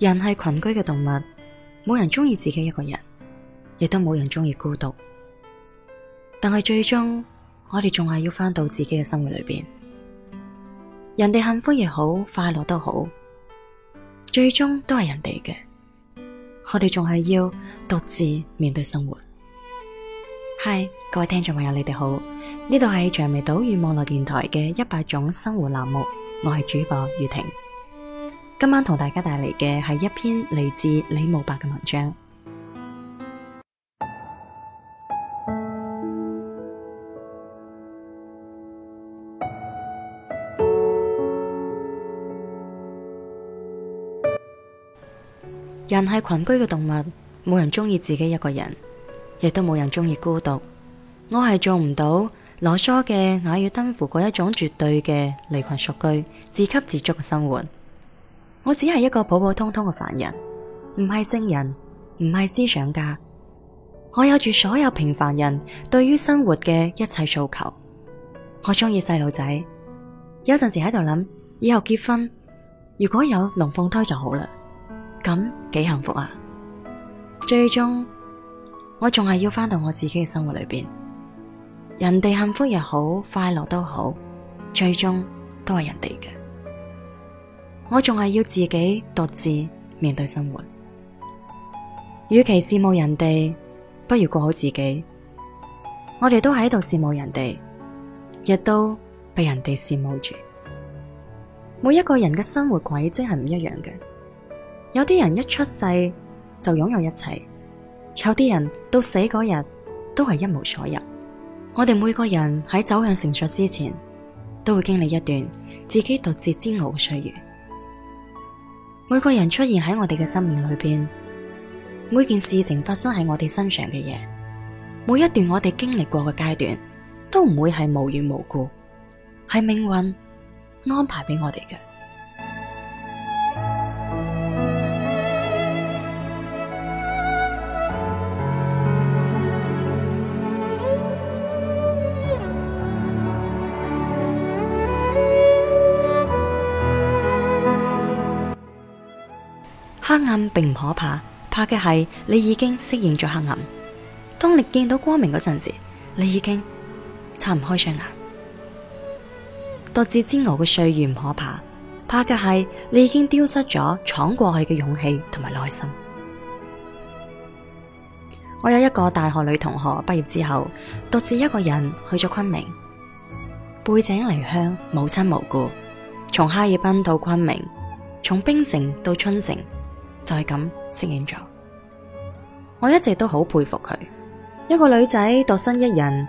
人係群居嘅動物，冇人中意自己一個人，亦都冇人中意孤獨。但係最終，我哋仲係要返到自己嘅生活裏邊。人哋幸福亦好，快樂都好，最終都係人哋嘅。我哋仲係要獨自面對生活。嗨，各位聽眾朋友，你哋好，呢度係長尾島嶼網絡電台嘅一百種生活欄目，我係主播宇婷。今晚同大家帶嚟嘅係一篇嚟自李慕白嘅文章。人係群居嘅動物，冇人中意自己一個人，亦都冇人中意孤獨。我係做唔到羅疏嘅，我要登負過一種絕對嘅離群索居、自給自足嘅生活。我只係一個普普通通嘅凡人，唔係聖人，唔係思想家。我有住所有平凡人對於生活嘅一切訴求。我中意細路仔，有陣時喺度諗，以後結婚如果有龍鳳胎就好啦，咁幾幸福啊！最終我仲係要翻到我自己嘅生活裏邊，人哋幸福又好，快樂都好，最終都係人哋嘅。我仲係要自己獨自面對生活，與其羨慕人哋，不如過好自己。我哋都喺度羨慕人哋，亦都被人哋羨慕住。每一個人嘅生活軌跡係唔一樣嘅，有啲人一出世就擁有一切，有啲人到死嗰日都係一無所有。我哋每個人喺走向成熟之前，都會經歷一段自己獨自煎熬嘅歲月。每個人出現喺我哋嘅生命裏邊，每件事情發生喺我哋身上嘅嘢，每一段我哋經歷過嘅階段，都唔會係無緣無故，係命運安排俾我哋嘅。黑暗並唔可怕，怕嘅係你已經適應咗黑暗。當你見到光明嗰陣時，你已經撐唔開雙眼。獨自煎熬嘅歲月唔可怕，怕嘅係你已經丟失咗闖過去嘅勇氣同埋耐心。我有一個大學女同學，畢業之後獨自一個人去咗昆明，背井離鄉，母親無故。從哈爾濱到昆明，從冰城到春城。就係咁適應咗，我一直都好佩服佢。一個女仔獨身一人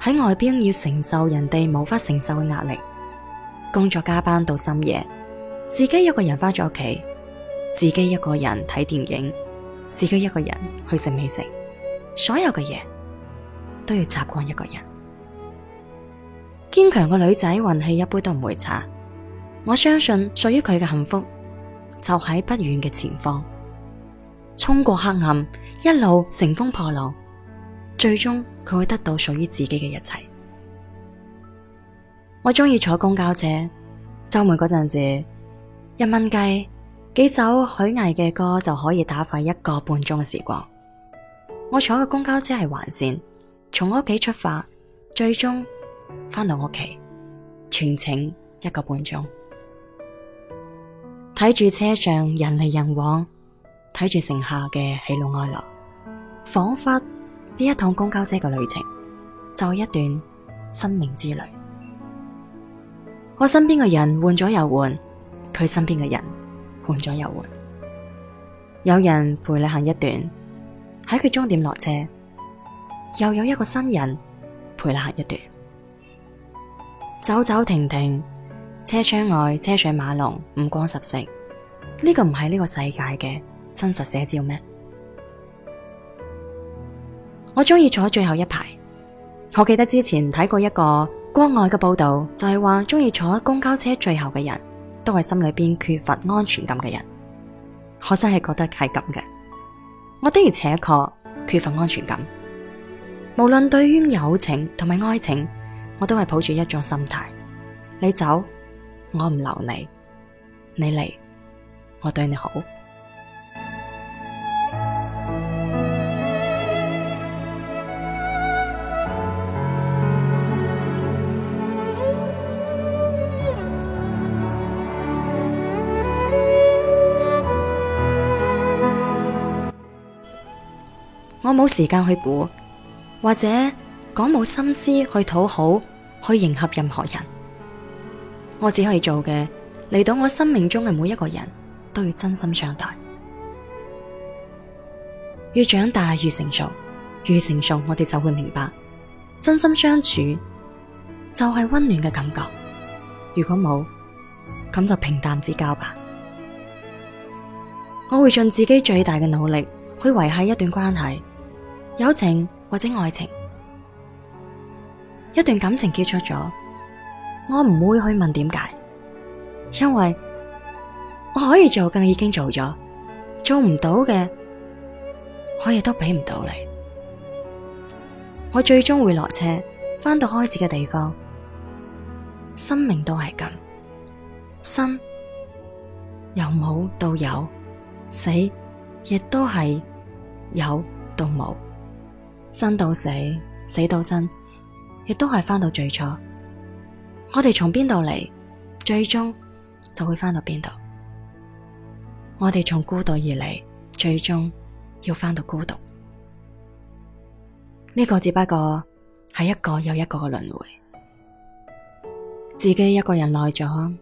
喺外邊，要承受人哋無法承受嘅壓力，工作加班到深夜，自己一個人翻咗屋企，自己一個人睇電影，自己一個人去食美食，所有嘅嘢都要習慣一個人。堅強嘅女仔運氣一般都唔會差，我相信屬於佢嘅幸福。就喺不遠嘅前方，衝過黑暗，一路乘風破浪，最終佢會得到屬於自己嘅一切。我鍾意坐公交車，周末嗰陣時一蚊雞，幾首許巍嘅歌就可以打發一個半鐘嘅時光。我坐嘅公交車係環線，從我屋企出發，最終翻到屋企，全程一個半鐘。睇住車上人嚟人往，睇住城下嘅喜怒哀樂，仿佛呢一趟公交車嘅旅程就一段生命之旅。我身邊嘅人換咗又換，佢身邊嘅人換咗又換，有人陪你行一段，喺佢終點落車，又有一個新人陪你行一段，走走停停。車窗外車水馬龍，五光十色，呢個唔係呢個世界嘅真實寫照咩？我中意坐最後一排。我記得之前睇過一個國外嘅報道，就係話中意坐公交車最後嘅人都係心裏邊缺乏安全感嘅人。我真係覺得係咁嘅。我的而且確缺乏安全感。無論對於友情同埋愛情，我都係抱住一種心態：你走。我唔留你，你嚟，我對你好。我冇時間去估，或者講冇心思去討好，去迎合任何人。我只可以做嘅，嚟到我生命中嘅每一個人都要真心相待。越長大越成熟，越成熟我哋就會明白，真心相處就係溫暖嘅感覺。如果冇，咁就平淡之交吧。我會盡自己最大嘅努力去維繫一段關係，友情或者愛情。一段感情結束咗。我唔會去問點解，因為我可以做嘅已經做咗，做唔到嘅，我亦都俾唔到你。我最終會落車，翻到開始嘅地方，生命都係咁，生，由冇到有，死，亦都係有到冇，生到死，死到生，亦都係翻到最初。我哋從邊度嚟，最終就會翻到邊度。我哋從孤獨而嚟，最終要翻到孤獨。呢、這個只不過係一個又一個嘅輪迴。自己一個人耐咗，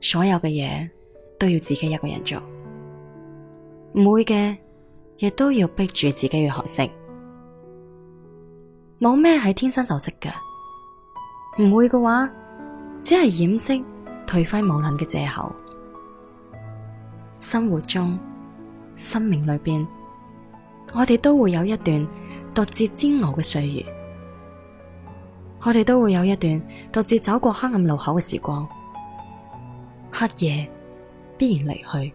所有嘅嘢都要自己一個人做，唔會嘅亦都要逼住自己去學識。冇咩係天生就識嘅，唔會嘅話。只係掩飾頹廢無能嘅借口。生活中，生命裏邊，我哋都會有一段獨自煎熬嘅歲月，我哋都會有一段獨自走過黑暗路口嘅時光。黑夜必然離去，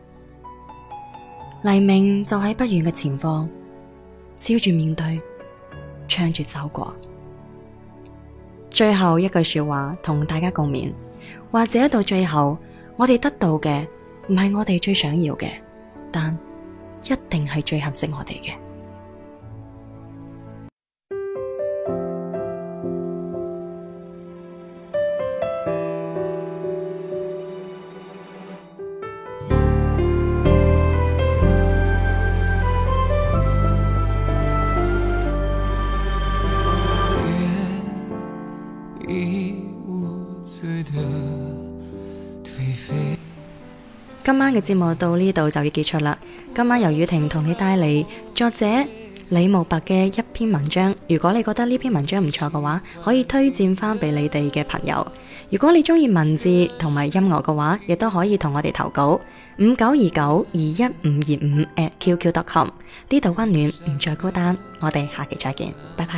黎明就喺不遠嘅前方，笑住面對，唱住走過。最後一句說話同大家共勉，或者到最後我哋得到嘅唔係我哋最想要嘅，但一定係最合適我哋嘅。今晚嘅節目到呢度就要結束啦。今晚由宇婷同你帶嚟作者李慕白嘅一篇文章。如果你覺得呢篇文章唔錯嘅話，可以推薦返俾你哋嘅朋友。如果你中意文字同埋音樂嘅話，亦都可以同我哋投稿五九二九二一五二五 at QQ.com 呢度溫暖唔再孤單。我哋下期再見，拜拜。